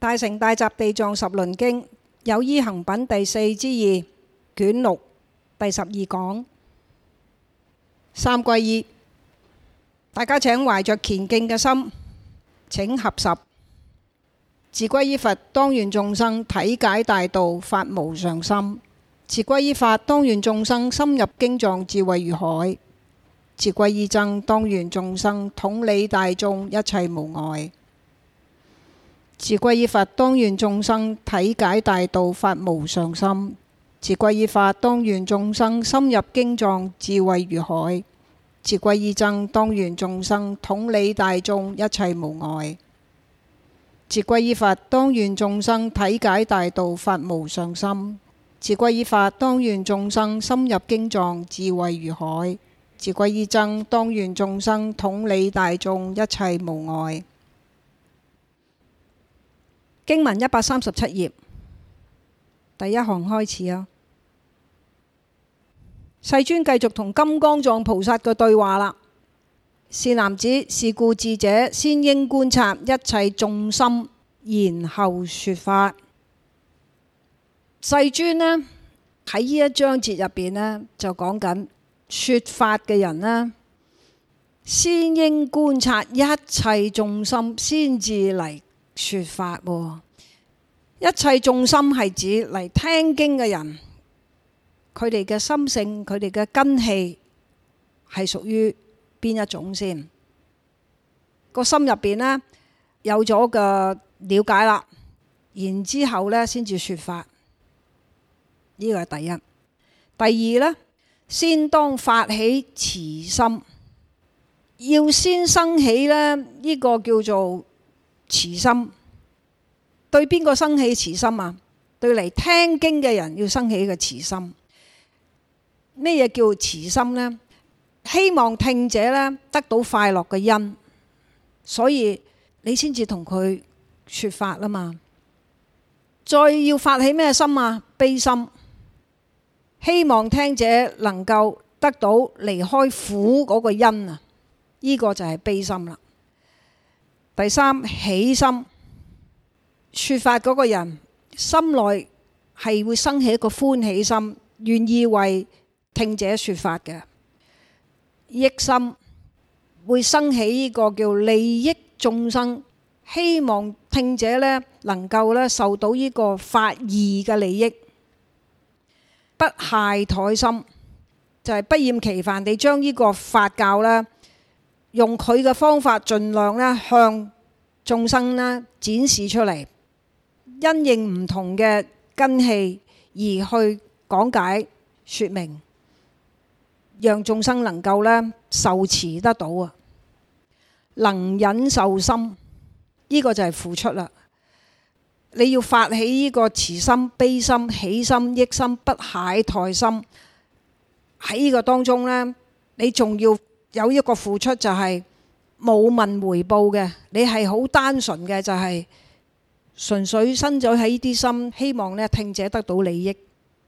大乘大集地藏十輪經有依行品第四之二，卷六，第十二講。三歸依，大家請懷着虔敬嘅心，請合十。自歸依佛，當願眾生體解大道，發無上心；自歸依法，當願眾生深入經藏，智慧如海；自歸依僧，當願眾生統理大眾，一切無礙。自歸依佛，當願眾生體解大道，發無上心；自歸依法，當願眾生深入經藏，智慧如海；自歸依僧，當願眾生統理大眾，一切無礙。自歸依法，當願眾生體解大道，發無上心；自歸依法，當願眾生深入經藏，智慧如海；自歸依僧，當願眾生統理大眾，一切無礙。經文一百三十七頁，第一行開始啊。世尊繼續同金剛藏菩薩嘅對話啦。善男子，是故智者先應觀察一切眾心，然後說法。世尊呢喺呢一章節入邊呢就講緊說法嘅人呢，先應觀察一切眾心，先至嚟。說法，一切眾心係指嚟聽經嘅人，佢哋嘅心性，佢哋嘅根器係屬於邊一種先？個心入邊呢，有咗個了解啦，然之後咧先至說法，呢個係第一。第二呢，先當發起慈心，要先升起呢，呢個叫做。慈心，對邊個生起慈心啊？對嚟聽經嘅人要生起一個慈心。咩嘢叫慈心呢？希望聽者呢，得到快樂嘅因，所以你先至同佢說法啦嘛。再要發起咩心啊？悲心，希望聽者能夠得到離開苦嗰個因啊！呢個就係悲心啦。第三，喜心。說法嗰個人，心內係會生起一個歡喜心，願意為聽者說法嘅。益心會生起呢個叫利益眾生，希望聽者呢能夠咧受到呢個法義嘅利益。不懈怠心，就係、是、不厭其煩地將呢個法教呢。用佢嘅方法，儘量咧向眾生咧展示出嚟，因應唔同嘅根器而去講解説明，讓眾生能夠咧受持得到啊！能忍受心，呢、呢個就係付出啦。你要發起呢個慈心、悲心、喜心、益心、不懈怠心，喺呢個當中呢你仲要。有一個付出就係冇問回報嘅，你係好單純嘅，就係、是、純粹生咗喺呢啲心，希望咧聽者得到利益，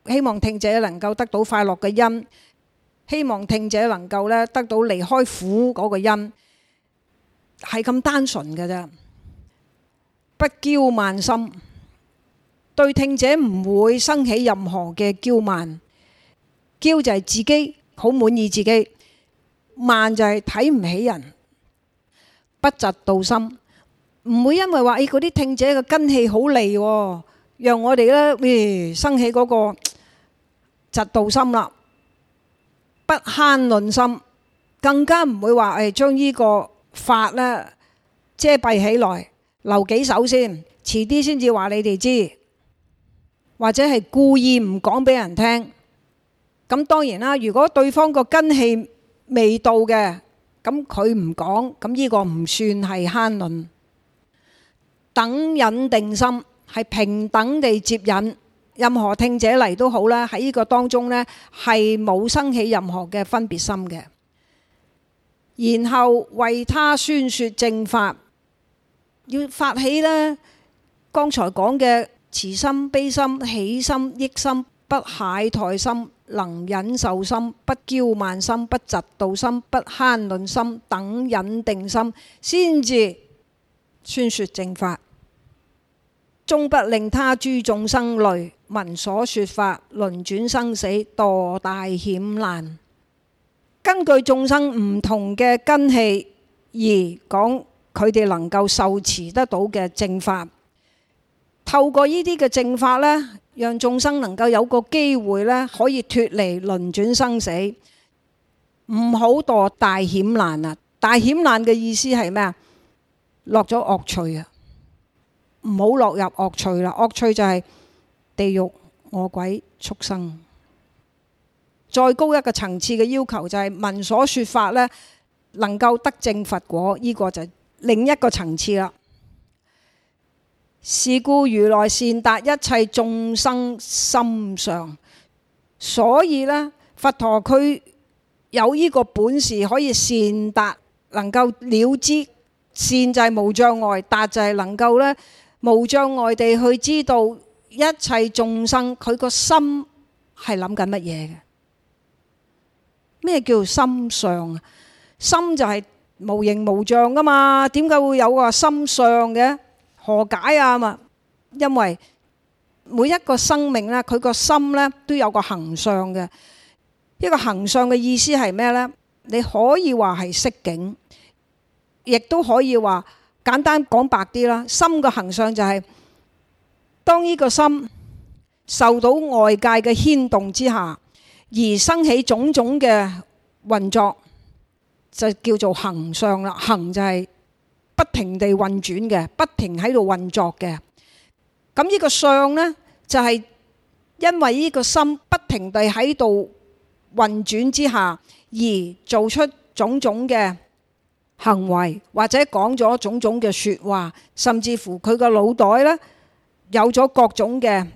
希望聽者能夠得到快樂嘅因，希望聽者能夠咧得到離開苦嗰個因，係咁單純嘅啫，不驕慢心，對聽者唔會生起任何嘅驕慢，驕就係自己好滿意自己。慢就係睇唔起人，不嫉妒心，唔會因為話誒嗰啲聽者嘅根器好利，讓我哋咧誒生起嗰個嫉妒心啦，不慳悋心，更加唔會話誒將呢個法咧遮蔽起來，留幾手先，遲啲先至話你哋知，或者係故意唔講俾人聽。咁當然啦，如果對方個根器，未到嘅，咁佢唔講，咁呢個唔算係慳悋。等引定心，係平等地接引任何聽者嚟都好啦。喺呢個當中咧，係冇生起任何嘅分別心嘅。然後為他宣説正法，要發起咧，剛才講嘅慈心、悲心、喜心、益心、不懈怠心。能忍受心，不驕慢心，不嫉妒心，不慳吝心，等引定心，先至宣說正法，終不令他諸眾生類聞所說法，輪轉生死墮大險難。根據眾生唔同嘅根器而講，佢哋能夠受持得到嘅正法。透過呢啲嘅正法呢。讓眾生能夠有個機會咧，可以脫離輪轉生死，唔好墮大險難啊！大險難嘅意思係咩啊？落咗惡趣啊，唔好落入惡趣啦！惡趣就係地獄、餓鬼、畜生。再高一個層次嘅要求就係聞所說法咧，能夠得正佛果，呢、這個就另一個層次啦。是故如來善達一切眾生心相，所以呢，佛陀佢有呢個本事可以善達，能夠了知善，就係無障礙，達就係能夠呢無障礙地去知道一切眾生佢個心係諗緊乜嘢嘅？咩叫做心相啊？心就係無形無相噶嘛？點解會有個心相嘅？何解啊？嘛，因為每一個生命咧，佢個心咧都有個行相嘅。一個行相嘅意思係咩咧？你可以話係色境，亦都可以話簡單講白啲啦。心嘅行相就係當呢個心受到外界嘅牽動之下，而生起種種嘅運作，就叫做行相啦。行就係。不停地運轉嘅，不停喺度運作嘅。咁、這、呢個相呢，就係、是、因為呢個心不停地喺度運轉之下，而做出種種嘅行為，或者講咗種種嘅說話，甚至乎佢個腦袋呢，有咗各種嘅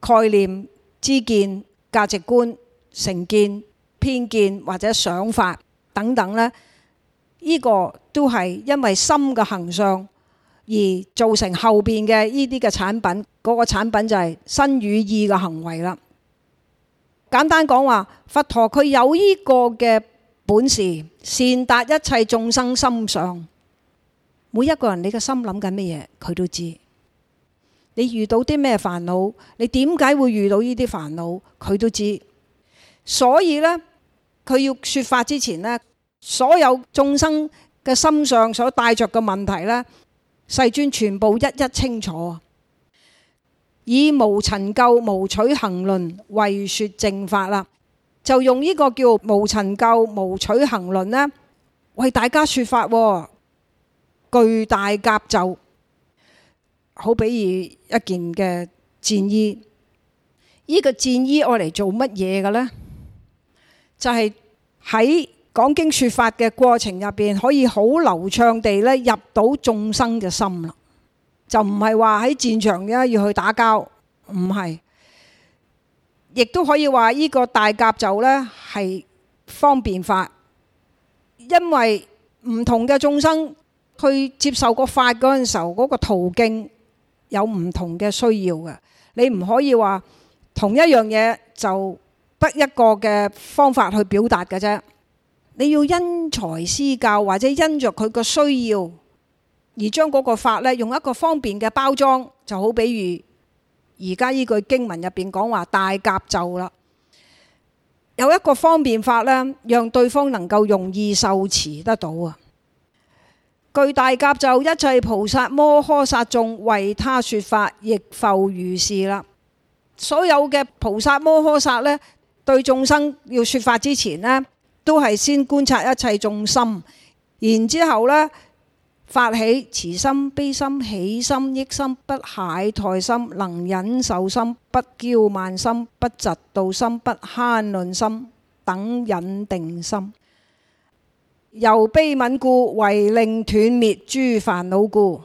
概念、知見、價值觀、成見、偏見或者想法等等呢。呢個都係因為心嘅行相而造成後邊嘅呢啲嘅產品，嗰個產品就係身與意嘅行為啦。簡單講話，佛陀佢有呢個嘅本事，善達一切眾生心相。每一個人你嘅心諗緊咩嘢，佢都知。你遇到啲咩煩惱，你點解會遇到呢啲煩惱，佢都知。所以呢，佢要説法之前呢。所有眾生嘅心上所帶着嘅問題呢，世尊全部一一清楚。以無塵垢、無取行輪為說正法啦，就用呢個叫無塵垢、無取行輪呢為大家說法。具大甲冑好比如一件嘅戰衣，呢、這個戰衣愛嚟做乜嘢嘅呢？就係喺講經說法嘅過程入邊,可以好流暢地入到眾生嘅心啦。你要因材施教，或者因着佢個需要而將嗰個法咧，用一個方便嘅包裝就好。比如而家依句經文入邊講話大甲冑啦，有一個方便法咧，讓對方能夠容易受持得到啊。具大甲冑，一切菩薩摩訶薩眾為他說法，亦復如是啦。所有嘅菩薩摩訶薩咧，對眾生要說法之前咧。都係先觀察一切眾心，然之後呢，發起慈心、悲心、喜心、益心、不懈怠心、能忍受心、不憍慢心、不嫉妒心、不慳悋心、等引定心，由悲愍故，為令斷滅諸煩惱故。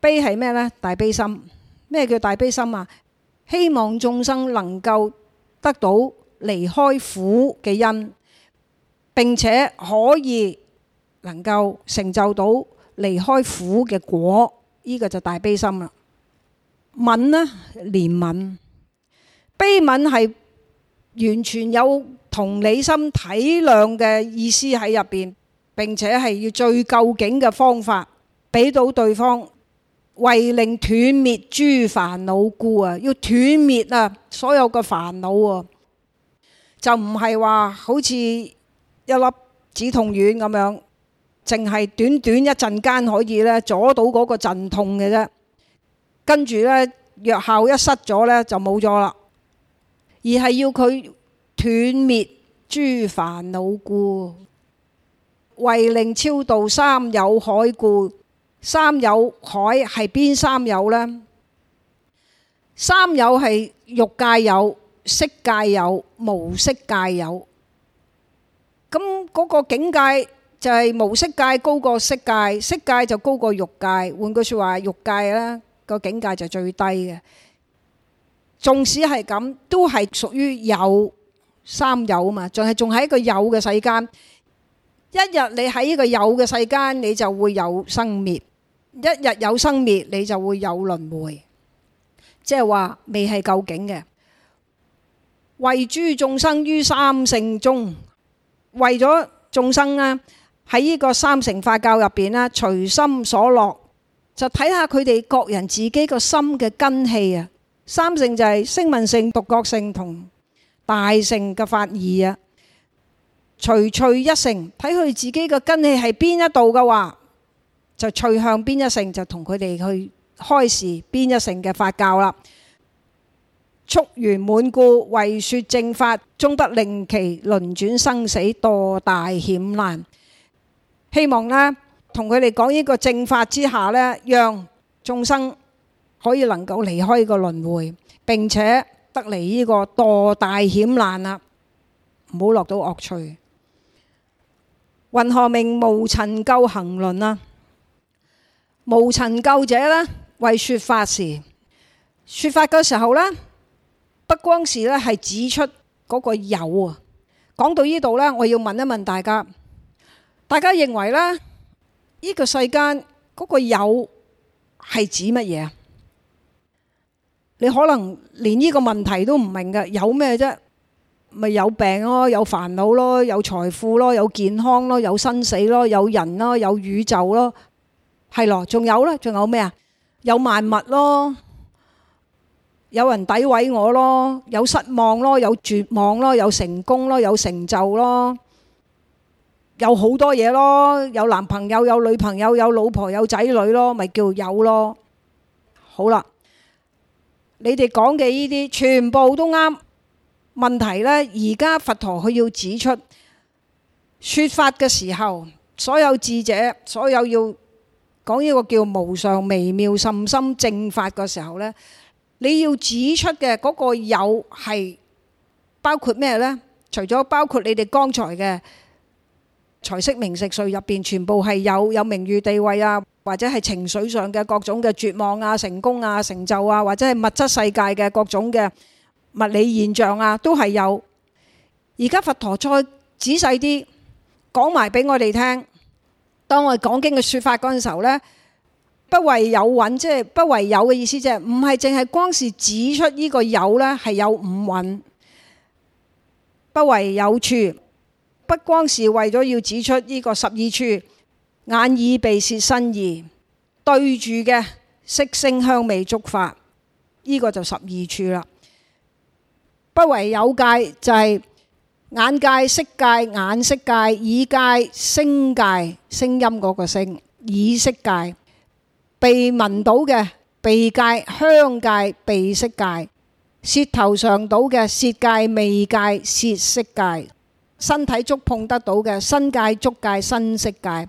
悲係咩呢？大悲心。咩叫大悲心啊？希望眾生能夠得到離開苦嘅因，並且可以能夠成就到離開苦嘅果，呢、呢個就大悲心啦。憫呢，憐憫、悲憫係完全有同理心體諒嘅意思喺入邊，並且係要最究竟嘅方法俾到對方，為令斷滅諸煩惱故啊，要斷滅啊所有嘅煩惱啊！就唔係話好似一粒止痛丸咁樣，淨係短短一陣間可以咧阻到嗰個陣痛嘅啫。跟住咧，藥效一失咗咧就冇咗啦。而係要佢斷滅諸煩惱故，為令超度三有海故。三有海係邊三有呢？三有係欲界有。色界有，無色界有。咁嗰個境界就係無色界高過色界，色界就高過欲界。換句說話，欲界啦個境界就最低嘅。縱使係咁，都係屬於有，三有啊嘛，仲係仲係一個有嘅世間。一日你喺呢個有嘅世間，你就會有生滅；一日有生滅，你就會有輪迴。即係話未係究竟嘅。為諸眾生於三乘中，為咗眾生咧喺呢個三乘法教入邊咧，隨心所樂就睇下佢哋各人自己個心嘅根氣啊。三乘就係聲聞性、獨覺性同大乘嘅法義啊。隨趣一乘，睇佢自己個根氣係邊一度嘅話，就隨向邊一乘，就同佢哋去開示邊一乘嘅法教啦。速圓滿故，為說正法，終不令其輪轉生死墮大險難。希望啦，同佢哋講呢個正法之下咧，讓眾生可以能夠離開呢個輪迴，並且得嚟呢個墮大險難啊！唔好落到惡趣。云何名無塵垢行輪啊？無塵垢者咧，為說法時，說法嘅時候咧。不光是咧，係指出嗰個有啊。講到呢度呢，我要問一問大家，大家認為呢，呢、呢個世間嗰個有係指乜嘢？你可能連呢個問題都唔明嘅，有咩啫？咪有病咯，有煩惱咯，有財富咯，有健康咯，有生死咯，有人咯，有宇宙咯，係咯，仲有呢？仲有咩啊？有萬物咯。有人詆毀我囉，有失望囉，有絕望囉，有成功囉，有成就囉。你要指出嘅嗰個有係包括咩咧？除咗包括你哋剛才嘅財色名食睡入邊全部係有，有名譽地位啊，或者係情緒上嘅各種嘅絕望啊、成功啊、成就啊，或者係物質世界嘅各種嘅物理現象啊，都係有。而家佛陀再仔仔細啲講埋俾我哋聽，當我哋講經嘅說法嗰陣時候咧。不為有蘊，即係不為有嘅意思，即係唔係淨係光是指出呢個有呢，係有五蘊。不為有處，不光是為咗要指出呢個十二處，眼耳鼻舌身意對住嘅色聲香味觸法，呢個就十二處啦。不為有界，就係眼界、色界、眼色界，耳界、聲界，聲音嗰個聲，耳色界。被聞到嘅鼻界、香界、鼻識界；舌頭上到嘅舌界、味界、舌識界；身體觸碰得到嘅身界、觸界、身識界；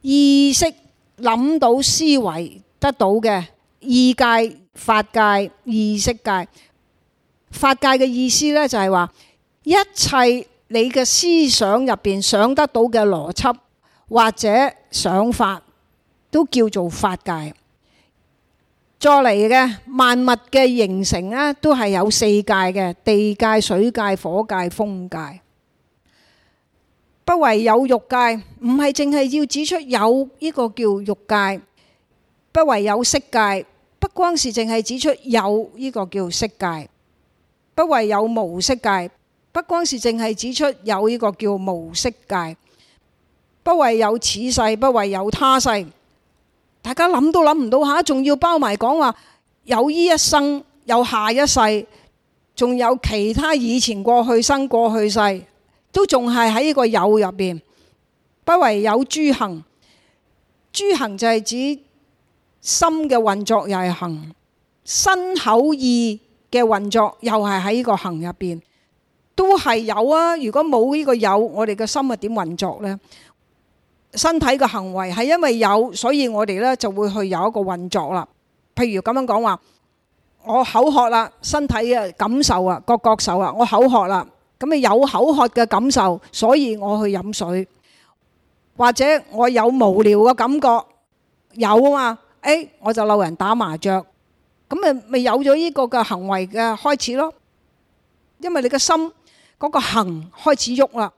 意識諗到、思維得到嘅意界、法界、意識界。法界嘅意思呢，就係話一切你嘅思想入邊想得到嘅邏輯或者想法。都叫做法界。再嚟嘅萬物嘅形成呢，都係有四界嘅：地界、水界、火界、風界。不為有欲界，唔係淨係要指出有呢個叫欲界；不為有色界，不光是淨係指出有呢個叫色界；不為有無色界，不光是淨係指出有呢個叫無色界；不為有此世，不為有他世。大家諗都諗唔到吓，仲要包埋講話有依一生，有下一世，仲有其他以前過去生過去世，都仲係喺呢個有入邊。不為有諸行，諸行就係指心嘅運作又係行，身口意嘅運作又係喺呢個行入邊，都係有啊。如果冇呢個有，我哋嘅心係點運作呢？身體嘅行為係因為有，所以我哋咧就會去有一個運作啦。譬如咁樣講話，我口渴啦，身體嘅感受啊，各各受啊，我口渴啦，咁咪有口渴嘅感受，所以我去飲水。或者我有無聊嘅感覺，有啊嘛，誒我就鬧人打麻雀，咁咪咪有咗呢個嘅行為嘅開始咯。因為你個心嗰個行開始喐啦。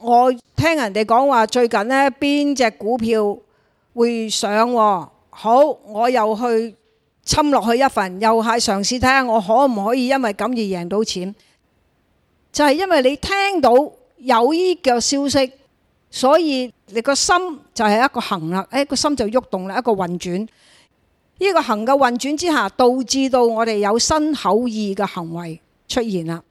我聽人哋講話最近呢邊隻股票會上，好，我又去侵落去一份，又係嘗試睇下我可唔可以因為咁而贏到錢。就係因為你聽到有呢個消息，所以你個心就係一個行啦，誒個心就喐動啦，一個運轉。呢個行嘅運轉之下，導致到我哋有身口意嘅行為出現啦。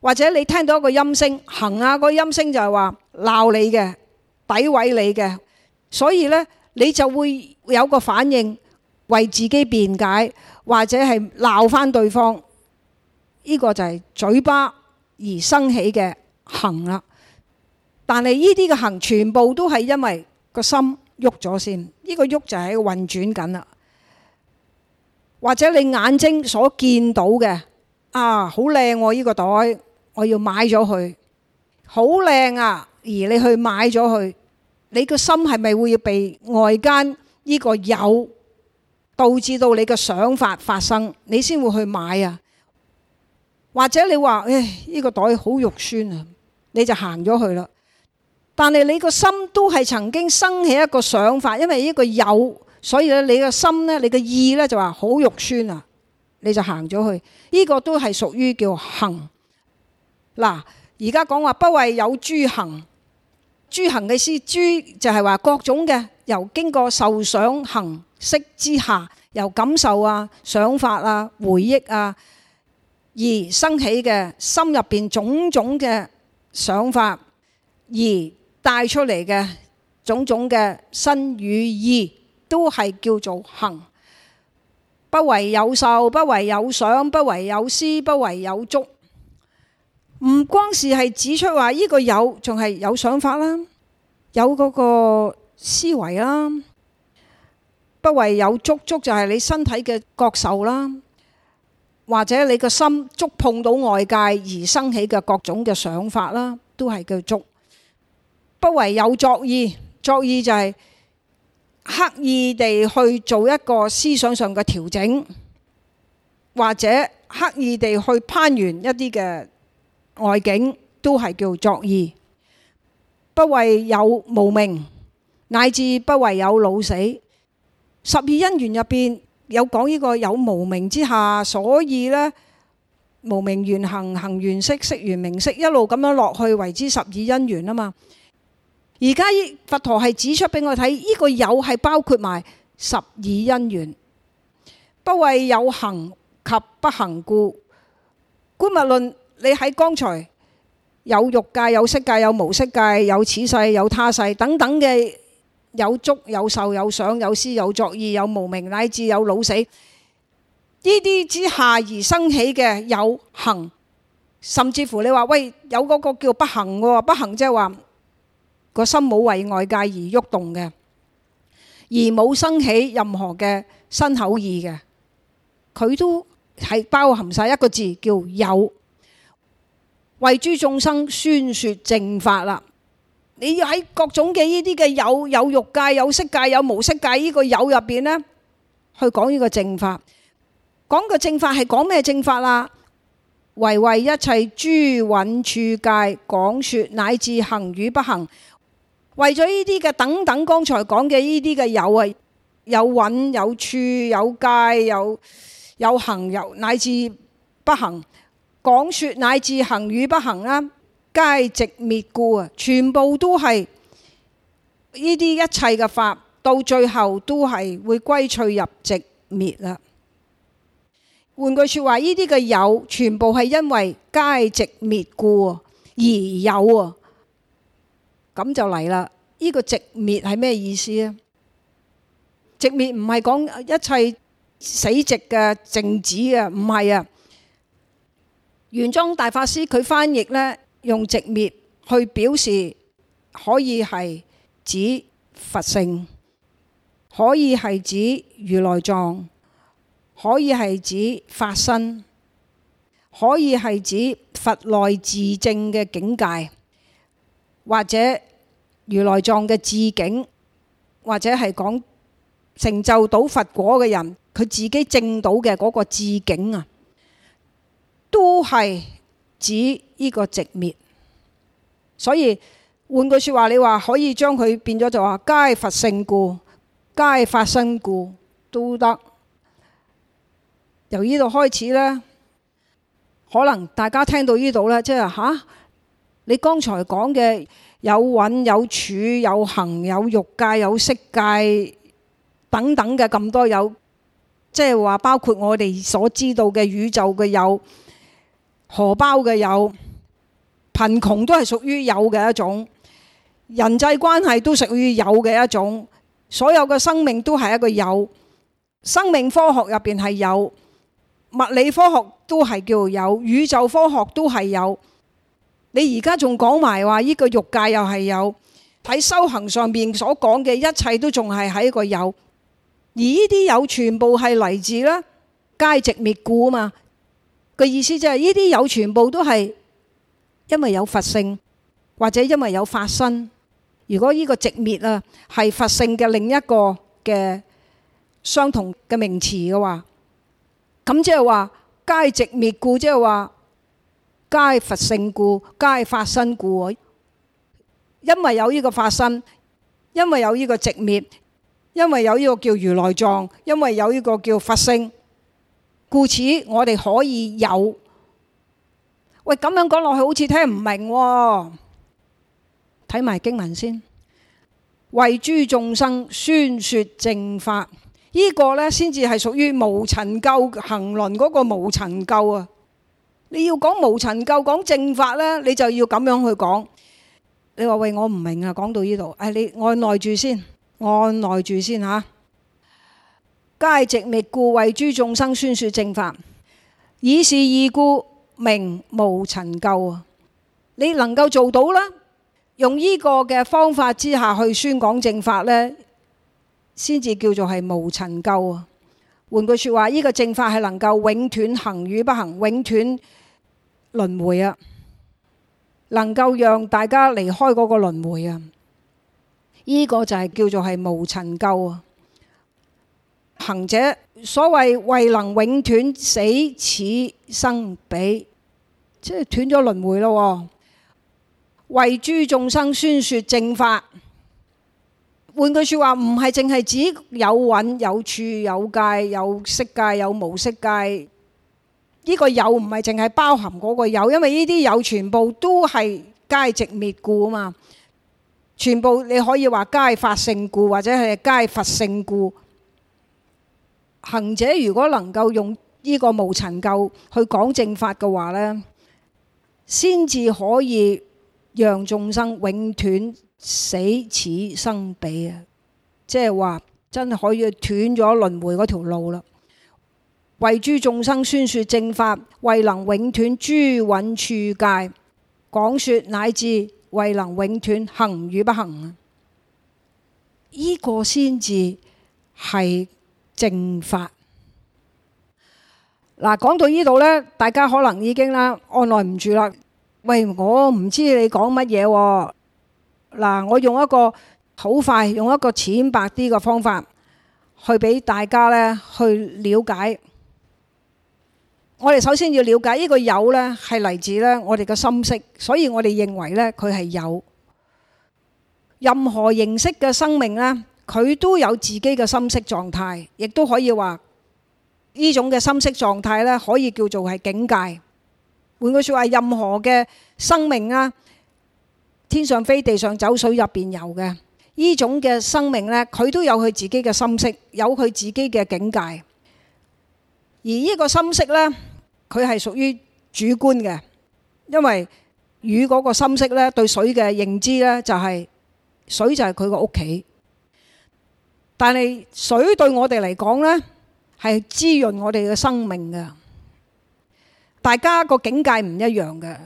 或者你聽到一個音聲，行啊！嗰個音聲就係話鬧你嘅、詆毀你嘅，所以呢，你就會有個反應，為自己辯解，或者係鬧翻對方。呢、這個就係嘴巴而生起嘅行啦。但係呢啲嘅行全部都係因為心、這個心喐咗先，呢個喐就係個運轉緊啦。或者你眼睛所見到嘅啊，好靚喎！呢個袋。我要買咗佢，好靚啊！而你去買咗佢，你個心係咪會要被外間呢個有導致到你個想法發生？你先會去買啊？或者你話誒，呢個袋好肉酸啊，你就行咗去啦。但係你個心都係曾經生起一個想法，因為呢個有，所以咧你個心咧，你個意咧就話好肉酸啊，你就行咗去了。呢個都係屬於叫行。嗱，而家講話不為有諸行，諸行嘅意思，諸就係話各種嘅，由經過受想行識之下，由感受啊、想法啊、回憶啊而生起嘅心入邊種種嘅想法，而帶出嚟嘅種種嘅身語意，都係叫做行。不為有受，不為有想，不為有思，不為有觸。唔光是係指出話呢個有，仲係有想法啦，有嗰個思維啦。不為有觸觸，就係你身體嘅覺受啦，或者你個心觸碰到外界而生起嘅各種嘅想法啦，都係叫觸。不為有作意，作意就係刻意地去做一個思想上嘅調整，或者刻意地去攀緣一啲嘅。外境都係叫作意，不為有無明，乃至不為有老死。十二因緣入邊有講呢個「有無明」之下，所以呢無明緣行，行緣識，識緣名色，一路咁樣落去，為之十二因緣啊嘛。而家佛陀係指出俾我睇，呢個有係包括埋十二因緣，不為有行及不行故，觀物論。你喺剛才有欲界、有色界、有無色界、有此世、有他世等等嘅有足、有受、有想、有思、有作意、有無明，乃至有老死。呢啲之下而生起嘅有行，甚至乎你話喂有嗰個叫不行，不行即係話個心冇為外界而喐動嘅，而冇生起任何嘅身口意嘅，佢都係包含晒一個字叫有。為諸眾生宣說正法啦！你要喺各種嘅呢啲嘅有，有欲界、有色界、有無色界呢個有入邊呢，去講呢個正法。講嘅正法係講咩正法啦？為為一切諸蘊處界講說乃至行與不行。為咗呢啲嘅等等，剛才講嘅呢啲嘅有啊，有蘊、有處、有界、有有行、有乃至不行。廣說乃至行與不行啊，皆寂滅故啊，全部都係呢啲一切嘅法，到最後都係會歸趣入寂滅啦。換句說話，呢啲嘅有，全部係因為皆寂滅故而有啊。咁就嚟啦，呢、呢個寂滅係咩意思啊？寂滅唔係講一切死寂嘅靜止嘅，唔係啊。玄奘大法師佢翻譯呢，用直滅去表示，可以係指佛性，可以係指如來藏，可以係指法身，可以係指佛內自證嘅境界，或者如來藏嘅智境，或者係講成就到佛果嘅人，佢自己證到嘅嗰個智境啊。都係指呢個寂滅，所以換句說話，你話可以將佢變咗就話皆佛性故，皆法身故都得。由呢度開始咧，可能大家聽到呢度呢，即係嚇、啊、你剛才講嘅有蘊、有處、有行、有欲界、有色界等等嘅咁多有，即係話包括我哋所知道嘅宇宙嘅有。荷包嘅有，貧窮都係屬於有嘅一種，人際關係都屬於有嘅一種，所有嘅生命都係一個有，生命科學入邊係有，物理科學都係叫有，宇宙科學都係有，你而家仲講埋話呢個欲界又係有，喺修行上面所講嘅一切都仲係喺一個有，而呢啲有全部係嚟自啦，皆寂滅故啊嘛。嘅意思就係呢啲有全部都係因為有佛性或者因為有法身。如果呢個寂滅啊係佛性嘅另一個嘅相同嘅名詞嘅話，咁即係話皆寂滅故，即係話皆佛性故，皆法身故。因為有呢個法身，因為有呢個寂滅，因為有呢個叫如來藏，因為有呢個叫佛性。故此，我哋可以有喂咁樣講落去好，哦，好似聽唔明喎。睇埋經文先，為諸眾生宣說正法，呢，這個呢，先至係屬於無塵垢行輪嗰個無塵垢啊！你要講無塵垢，講正法呢，你就要咁樣去講。你話喂，我唔明啊！講到呢度，哎，你按耐住先，按耐住先吓，啊。皆寂滅故，為諸眾生宣說正法，以是義故名無塵垢啊！你能夠做到啦，用呢個嘅方法之下去宣講正法呢，先至叫做係無塵垢啊！換句說話，呢、這個正法係能夠永斷行與不行，永斷輪迴啊！能夠讓大家離開嗰個輪迴啊！呢、這個就係叫做係無塵垢啊！行者所謂為能永斷死此生彼，即係斷咗輪回咯。為諸眾生宣說正法，換句說話，唔係淨係指有蘊、有處、有界、有色界、有無色界。呢、這個有唔係淨係包含嗰個有，因為呢啲有全部都係皆寂滅故啊嘛。全部你可以話皆法性故，或者係皆是佛性故。行者如果能夠用呢個無塵垢去講正法嘅話呢先至可以讓眾生永斷死此生彼啊！即係話真係可以斷咗輪迴嗰條路啦。為諸眾生宣説正法，為能永斷諸蘊處界，講説乃至為能永斷行與不行啊！呢個先至係正法嗱，講到呢度咧，大家可能已經啦按耐唔住啦。喂，我唔知你講乜嘢喎？嗱，我用一個好快，用一個淺白啲嘅方法去俾大家咧去了解。我哋首先要了解呢個有咧，係嚟自咧我哋嘅心識，所以我哋認為咧佢係有任何形式嘅生命咧。佢都有自己嘅心色狀態，亦都可以話呢種嘅心色狀態咧，可以叫做係境界。換句説話，任何嘅生命啊，天上飛、地上走、水面游、水入邊遊嘅呢種嘅生命呢，佢都有佢自己嘅心色，有佢自己嘅境界。而呢個心色呢，佢係屬於主觀嘅，因為魚嗰個心色呢對水嘅認知呢，就係，就係水就係佢個屋企。但係水對我哋嚟講呢，係滋潤我哋嘅生命嘅。大家個境界唔一樣嘅，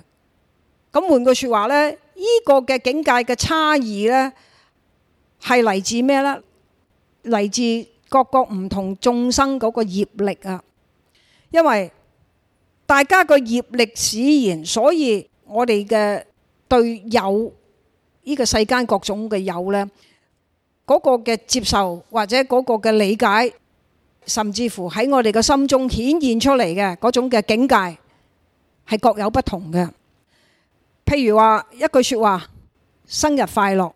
咁換句説話呢，呢個嘅境界嘅差異呢，係嚟自咩呢？嚟自各個唔同眾生嗰個業力啊！因為大家個業力使然，所以我哋嘅對有呢個世間各種嘅有呢。嗰個嘅接受或者嗰個嘅理解，甚至乎喺我哋嘅心中顯現出嚟嘅嗰種嘅境界，係各有不同嘅。譬如話一句説話，生日快樂。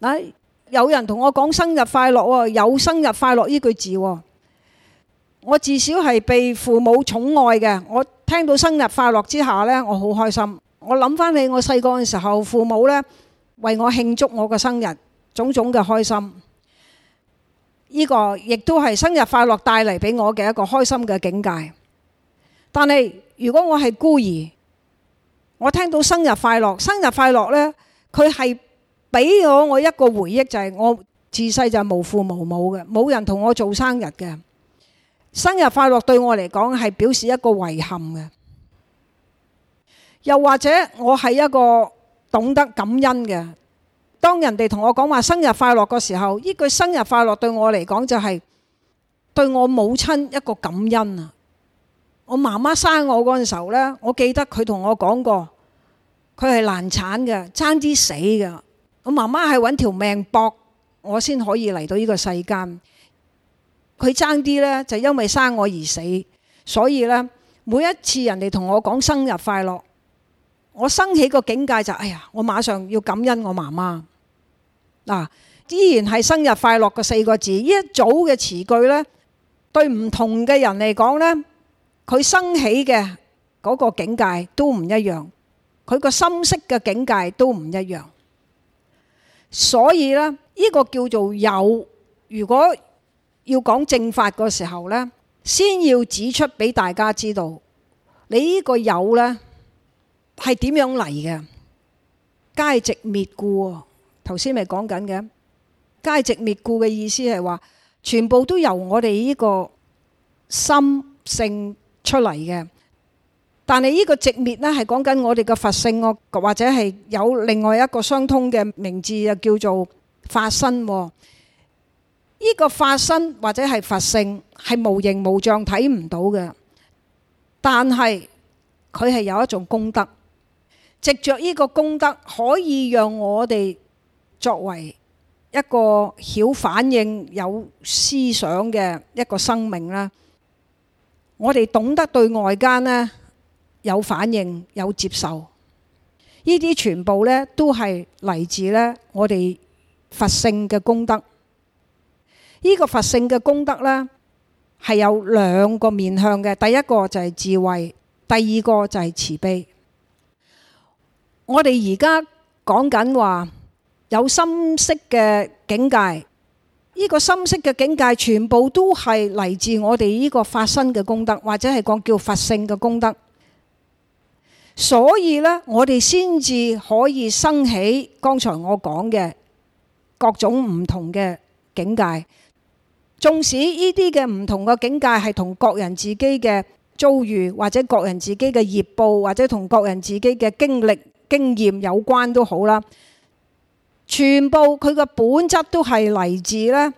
嗱，有人同我講生日快樂喎，有生日快樂呢句字。我至少係被父母寵愛嘅。我聽到生日快樂之下呢，我好開心。我諗翻起我細個嘅時候，父母呢為我慶祝我嘅生日。種種嘅開心，呢個亦都係生日快樂帶嚟俾我嘅一個開心嘅境界。但係如果我係孤兒，我聽到生日快樂，生日快樂呢，佢係俾咗我一個回憶，就係我自細就無父無母嘅，冇人同我做生日嘅。生日快樂對我嚟講係表示一個遺憾嘅。又或者我係一個懂得感恩嘅。當人哋同我講話生日快樂嗰時候，呢句生日快樂對我嚟講就係對我母親一個感恩啊！我媽媽生我嗰陣時候呢，我記得佢同我講過，佢係難產嘅，爭啲死嘅。我媽媽係揾條命搏，我先可以嚟到呢個世間。佢爭啲呢，就因為生我而死，所以呢，每一次人哋同我講生日快樂，我升起個境界就，哎呀，我馬上要感恩我媽媽。嗱，依然係生日快樂個四個字，呢一組嘅詞句呢，對唔同嘅人嚟講呢，佢生起嘅嗰個境界都唔一樣，佢個心識嘅境界都唔一樣。所以呢，呢、呢個叫做有。如果要講正法嗰時候呢，先要指出俾大家知道，你呢個有呢，係點樣嚟嘅？皆寂滅故。頭先咪講緊嘅，皆寂滅故嘅意思係話，全部都由我哋呢個心性出嚟嘅。但係呢個寂滅呢，係講緊我哋個佛性或者係有另外一個相通嘅名字，就叫做法身。呢、這個法身或者係佛性，係無形無象睇唔到嘅，但係佢係有一種功德，藉着呢個功德可以讓我哋。作為一個曉反應有思想嘅一個生命啦，我哋懂得對外間呢有反應有接受，呢啲全部呢都係嚟自呢我哋佛性嘅功德。呢個佛性嘅功德呢係有兩個面向嘅，第一個就係智慧，第二個就係慈悲。我哋而家講緊話。有深色嘅境界，呢個深色嘅境界全部都係嚟自我哋呢個發生嘅功德，或者係講叫佛性嘅功德。所以呢，我哋先至可以生起剛才我講嘅各種唔同嘅境界。縱使呢啲嘅唔同嘅境界係同各人自己嘅遭遇，或者各人自己嘅業報，或者同各人自己嘅經歷經驗有關都好啦。全部佢嘅本質都係嚟自呢，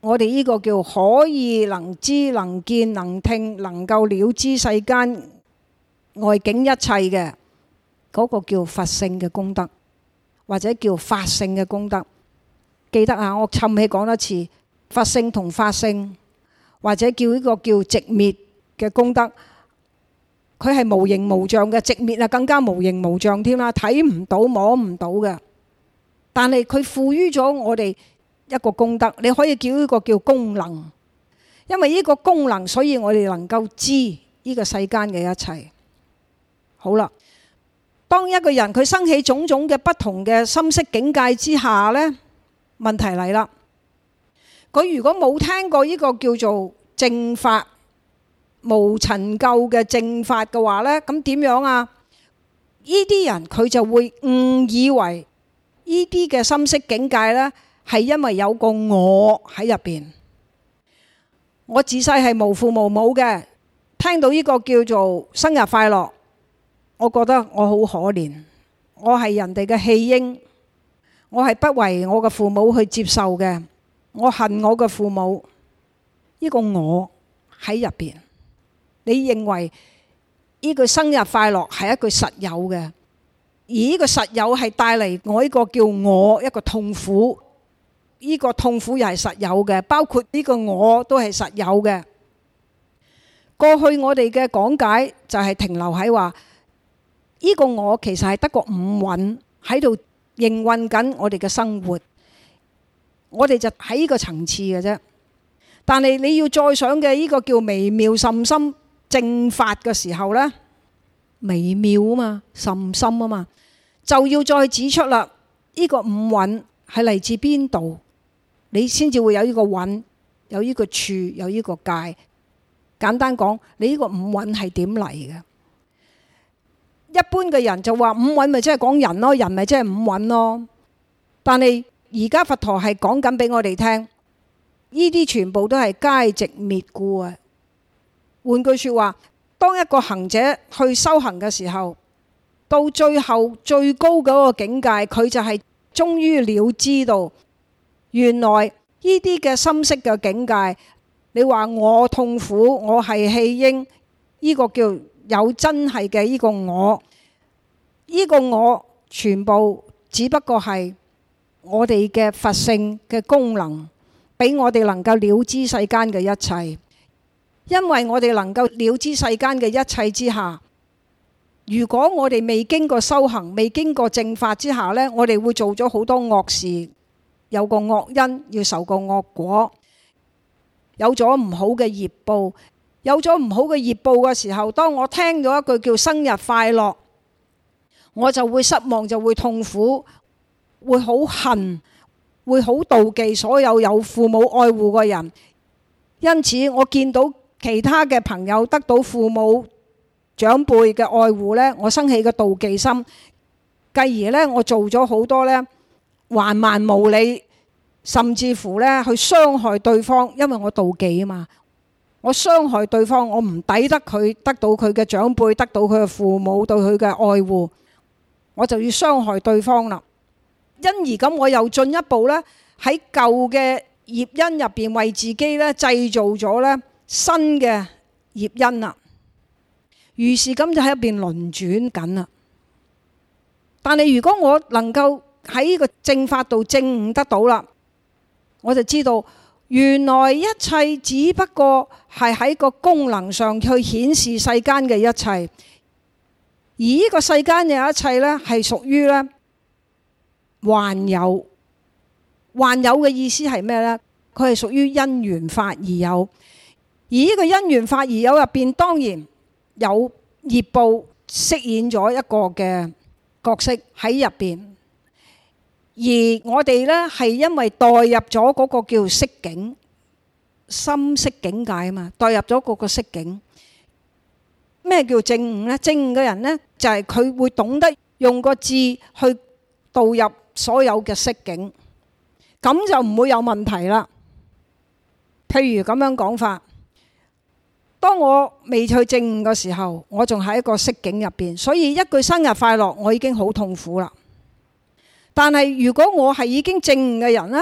我哋呢個叫可以能知能見能聽，能夠了知世間外境一切嘅嗰個叫佛性嘅功德，或者叫法性嘅功德。記得啊，我趁起講多次，佛性同法性，或者叫呢個叫寂滅嘅功德，佢係無形無像嘅，寂滅啊更加無形無像添啦，睇唔到摸唔到嘅。但係佢賦予咗我哋一個功德，你可以叫呢個叫功能，因為呢個功能，所以我哋能夠知呢個世間嘅一切。好啦，當一個人佢生起種種嘅不同嘅心識境界之下呢，問題嚟啦。佢如果冇聽過呢個叫做正法無塵垢嘅正法嘅話呢，咁點樣啊？呢啲人佢就會誤以為。呢啲嘅心識境界呢，係因為有個我喺入邊。我自細係無父無母嘅，聽到呢個叫做生日快樂，我覺得我好可憐，我係人哋嘅棄嬰，我係不為我嘅父母去接受嘅，我恨我嘅父母。呢個我喺入邊，你認為呢句生日快樂係一句實有嘅？而呢個實有係帶嚟我呢個叫我一個痛苦，呢個痛苦又係實有嘅，包括呢個我都係實有嘅。過去我哋嘅講解就係停留喺話，呢個我其實係得個五蘊喺度應運緊我哋嘅生活，我哋就喺呢個層次嘅啫。但係你要再想嘅呢個叫微妙甚深正法嘅時候呢。微妙啊嘛，甚深啊嘛，就要再指出啦。呢個五蘊係嚟自邊度？你先至會有呢個蘊，有呢個處，有呢個界。簡單講，你呢個五蘊係點嚟嘅？一般嘅人就話五蘊咪即係講人咯，人咪即係五蘊咯。但係而家佛陀係講緊俾我哋聽，呢啲全部都係皆寂滅故啊。換句說話。當一個行者去修行嘅時候，到最後最高嗰個境界，佢就係終於了知道，原來呢啲嘅心識嘅境界，你話我痛苦，我係棄嬰，呢、這個叫有真係嘅呢個我，呢、這個我全部只不過係我哋嘅佛性嘅功能，俾我哋能夠了知世間嘅一切。因為我哋能夠了知世間嘅一切之下，如果我哋未經過修行，未經過正法之下呢，我哋會做咗好多惡事，有個惡因要受個惡果，有咗唔好嘅業報，有咗唔好嘅業報嘅時候，當我聽到一句叫生日快樂，我就會失望，就會痛苦，會好恨，會好妒忌所有有父母愛護嘅人，因此我見到。其他嘅朋友得到父母、長輩嘅愛護呢，我生起個妒忌心，繼而呢我做咗好多呢橫蠻無理，甚至乎呢去傷害對方，因為我妒忌啊嘛。我傷害對方，我唔抵得佢得到佢嘅長輩，得到佢嘅父母對佢嘅愛護，我就要傷害對方啦。因而咁，我又進一步呢喺舊嘅業因入邊為自己呢製造咗呢，新嘅業因啦，於是咁就喺入邊輪轉緊啦。但係如果我能夠喺個正法度證悟得到啦，我就知道原來一切只不過係喺個功能上去顯示世間嘅一切，而呢個世間嘅一切呢，係屬於呢幻有，幻有嘅意思係咩呢？佢係屬於因緣法而有。而呢個因緣法而有入邊，當然有業報飾演咗一個嘅角色喺入邊。而我哋呢係因為代入咗嗰個叫色境、深色境界啊嘛，代入咗嗰個色境。咩叫正悟呢？正悟嘅人呢，就係佢會懂得用個字去導入所有嘅色境，咁就唔會有問題啦。譬如咁樣講法。當我未去證嘅時候，我仲喺一個色境入邊，所以一句生日快樂，我已經好痛苦啦。但係如果我係已經證嘅人呢，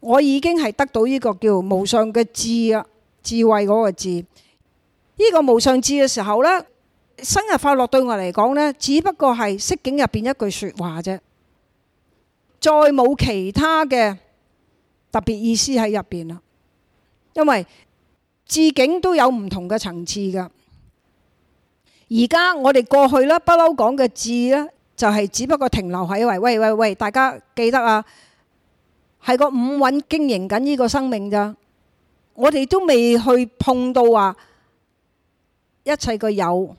我已經係得到呢個叫無上嘅智啊，智慧嗰個智。呢個無上智嘅時候呢，生日快樂對我嚟講呢，只不過係色境入邊一句說話啫，再冇其他嘅特別意思喺入邊啦，因為。智境都有唔同嘅層次噶。而家我哋過去啦，不嬲講嘅智咧，就係只不過停留喺維，喂喂喂，大家記得啊，係個五蘊經營緊呢個生命咋。我哋都未去碰到話一切嘅有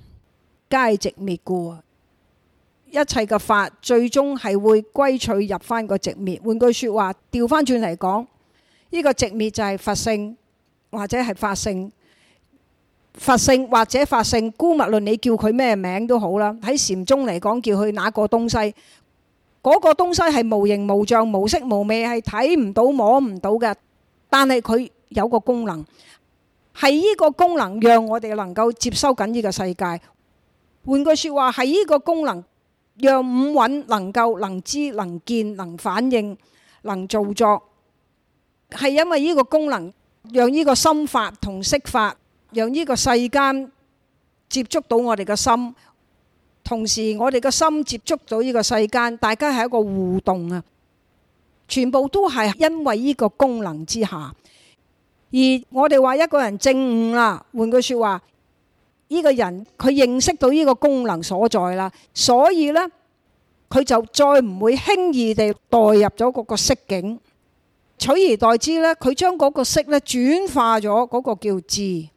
皆寂滅故，啊。一切嘅法最終係會歸趣入返個寂滅。換句説話，掉返轉嚟講，呢、這個寂滅就係佛性。或者係法性、法性或者法性，姑勿論你叫佢咩名都好啦。喺禪宗嚟講，叫佢那個東西。嗰個東西係無形無像、無色無味，係睇唔到、摸唔到嘅。但係佢有個功能，係呢個功能讓我哋能夠接收緊呢個世界。換句說話，係呢個功能讓五蘊能夠能知、能見、能反應、能造作，係因為呢個功能。讓呢個心法同色法，讓呢個世間接觸到我哋嘅心，同時我哋嘅心接觸到呢個世間，大家係一個互動啊！全部都係因為呢個功能之下，而我哋話一個人證悟啦，換句說話，呢個人佢認識到呢個功能所在啦，所以呢，佢就再唔會輕易地代入咗嗰個色境。取而代之咧，佢將嗰個色咧轉化咗嗰個叫智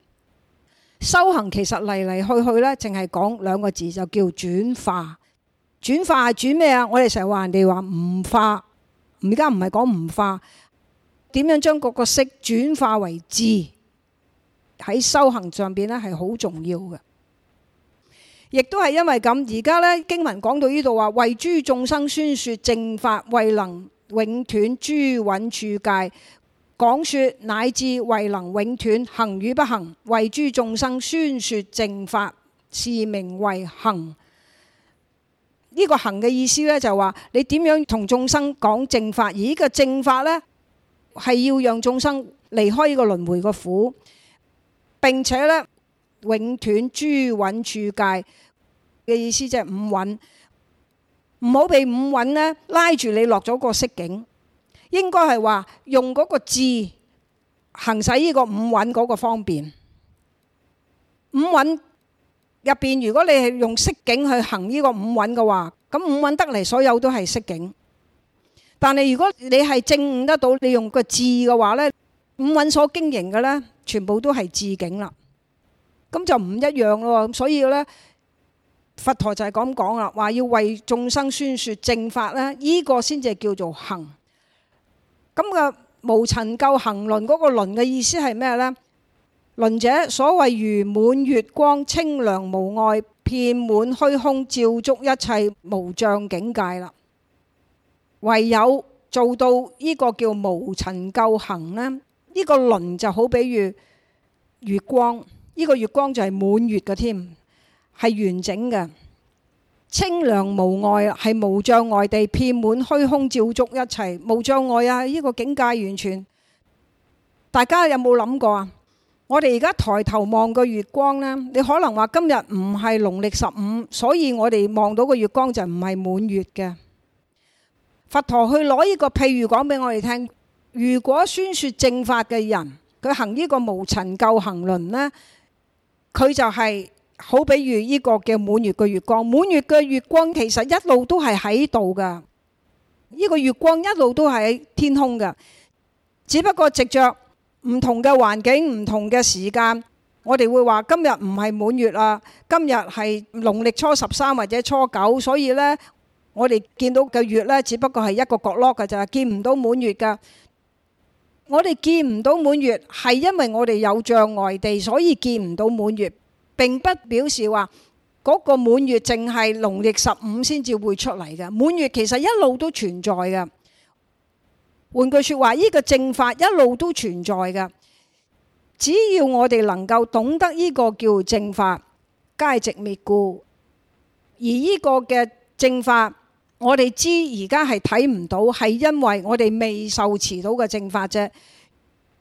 修行。其實嚟嚟去去咧，淨係講兩個字就叫轉化。轉化係轉咩啊？我哋成日話人哋話唔化，而家唔係講唔化，點樣將嗰個色轉化為智喺修行上邊咧係好重要嘅。亦都係因為咁，而家咧經文講到呢度話，為諸眾生宣說正法，為能。永斷諸蘊處界，廣說乃至為能永斷行與不行，為諸眾生宣說正法，是名為行。呢、這個行嘅意思咧、就是，就話你點樣同眾生講正法，而呢個正法咧係要讓眾生離開呢個輪迴個苦，並且咧永斷諸蘊處界嘅意思就，即係五蘊。唔好被五蘊咧拉住你落咗個色境，應該係話用嗰個智行使呢個五蘊嗰個方便。五蘊入邊，如果你係用色境去行呢個五蘊嘅話，咁五蘊得嚟所有都係色境。但係如果你係證得到，你用個智嘅話咧，五蘊所經營嘅咧，全部都係智境啦。咁就唔一樣咯。咁所以咧。佛陀就係咁講啦，話要為眾生宣説，正法呢，呢個先至叫做行。咁嘅無塵垢行輪嗰個輪嘅意思係咩呢？輪者所謂如滿月光，清涼無礙，遍滿虛空，照觸一切無障境界啦。唯有做到呢個叫無塵垢行呢，呢個輪就好比如月光，呢個月光就係滿月嘅添。係完整嘅，清涼無礙，係無障礙地遍滿虛空，照觸一切無障礙啊！呢個境界完全，大家有冇諗過啊？我哋而家抬頭望個月光呢？你可能話今日唔係農曆十五，所以我哋望到個月光就唔係滿月嘅。佛陀去攞呢個譬喻講俾我哋聽，如果宣說正法嘅人，佢行呢個無塵垢行輪呢，佢就係、是。好，比如呢個嘅滿月嘅月光，滿月嘅月光其實一路都係喺度噶。呢個月光一路都係喺天空嘅，只不過藉著唔同嘅環境、唔同嘅時間，我哋會話今日唔係滿月喇。今日係農曆初十三或者初九，所以呢，我哋見到嘅月呢，只不過係一個角落噶啫，見唔到滿月噶。我哋見唔到滿月係因為我哋有障礙地，所以見唔到滿月。並不表示話嗰、那個滿月淨係農曆十五先至會出嚟嘅，滿月其實一路都存在嘅。換句說話，呢、這個正法一路都存在嘅。只要我哋能夠懂得呢個叫正法，皆寂滅故。而呢個嘅正法，我哋知而家係睇唔到，係因為我哋未受持到嘅正法啫。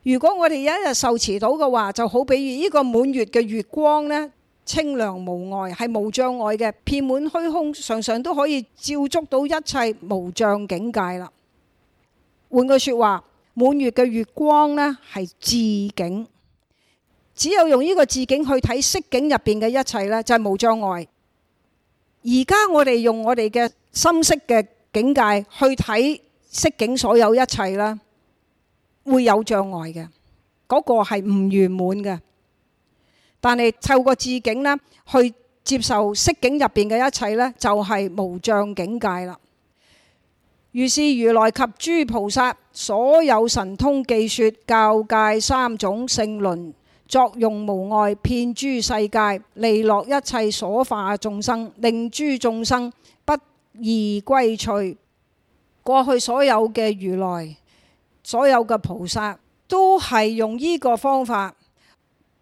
如果我哋一日受持到嘅話，就好比如呢個滿月嘅月光呢，清涼無礙，是無障礙嘅。遍滿虛空，常常都可以照觸到一切無障境界了。換句說話，滿月嘅月光呢，是智境。只有用呢個智境去睇色境入面嘅一切呢，就是無障礙。而家我哋用我哋嘅深色嘅境界去睇色境所有一切呢，會有障礙嘅，嗰、那個係唔圓滿嘅。但係透過智境呢去接受色境入邊嘅一切呢，就係、是、無障境界啦。如是如來及諸菩薩所有神通記說教誡三種勝輪作用無礙，遍諸世界利樂一切所化眾生，令諸眾生不異歸趣，過去所有嘅如來，所有嘅菩薩都係用呢個方法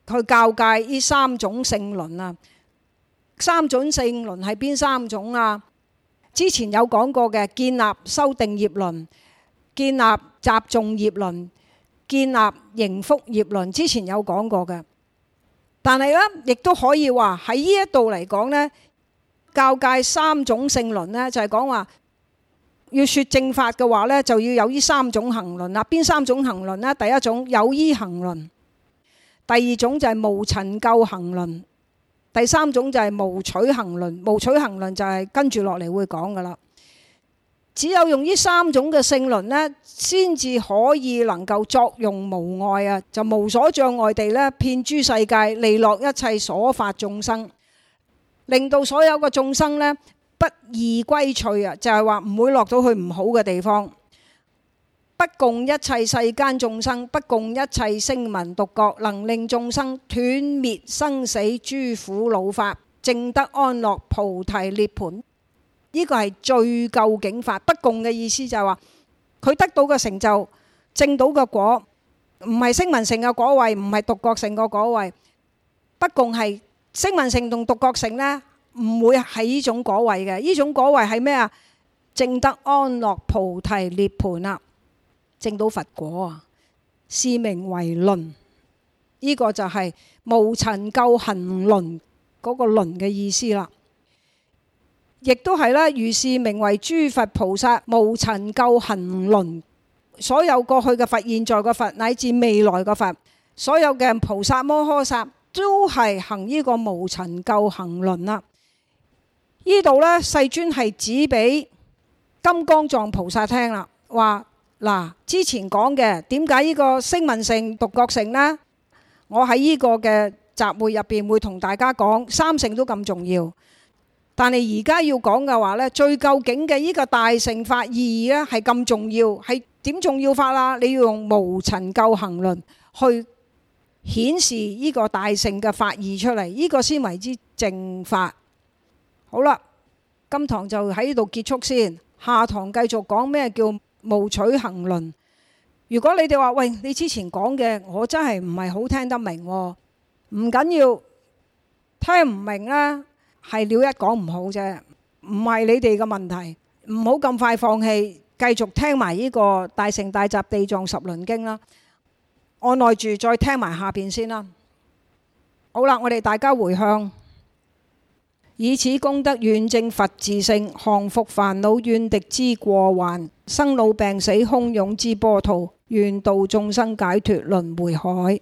去教誡呢三種勝輪啊！三種勝輪係邊三種啊？之前有講過嘅，建立修定業輪、建立集眾業輪、建立迎福業輪，之前有講過嘅。但係咧，亦都可以話喺呢一度嚟講呢，教誡三種勝輪呢，就係講話，要説正法嘅話咧，就要有呢三種行輪啦。邊三種行輪咧？第一種有依行輪，第二種就係無塵垢行輪，第三種就係無取行輪。無取行輪就係跟住落嚟會講噶啦。只有用呢三種嘅勝輪咧，先至可以能夠作用無礙啊，就無所障礙地咧，遍諸世界利樂一切所化眾生，令到所有嘅眾生咧。不異歸趣啊，就係話唔會落到去唔好嘅地方。不共一切世間眾生，不共一切聲聞獨覺，能令眾生斷滅生死諸苦惱法，證得安樂菩提涅槃。呢、這個係最究竟法。不共嘅意思就係話，佢得到嘅成就，證到嘅果，唔係聲聞乘嘅果位，唔係獨覺乘嘅果位，不共係聲聞乘同獨覺乘呢，唔會喺呢種果位嘅，呢種果位係咩啊？證得安樂菩提涅槃啦，證到佛果啊。是名為輪，呢個就係無塵垢行輪嗰個輪嘅意思啦。亦都係啦，如是名為諸佛菩薩無塵垢行輪，所有過去嘅佛、現在嘅佛乃至未來嘅佛，所有嘅菩薩摩訶薩都係行呢個無塵垢行輪啦。呢度咧，世尊係指俾金剛藏菩薩聽啦，話，嗱，之前講嘅，點解呢個聲聞性、獨覺性咧，我喺呢個嘅集會入邊會同大家講三性都咁重要，但係而家要講嘅話咧，最究竟嘅呢個大乘法意義咧係咁重要，係點重要法啦？你要用無塵垢行輪去顯示呢個大乘嘅法義出嚟，呢個先為之正法。好啦，今堂就喺呢度結束先，下堂繼續講咩叫無取行輪。如果你哋話喂，你之前講嘅我真係唔係好聽得明，啊，唔緊要，聽唔明咧係、啊、了一講唔好啫，唔係你哋嘅問題，唔好咁快放棄，繼續聽埋呢個大乘大集地藏十輪經啦，按耐住再聽埋下邊先啦。好啦，我哋大家回向。以此功德願證佛自性，降服煩惱怨敵之過患，生老病死洶湧之波濤，願度眾生解脫輪回海。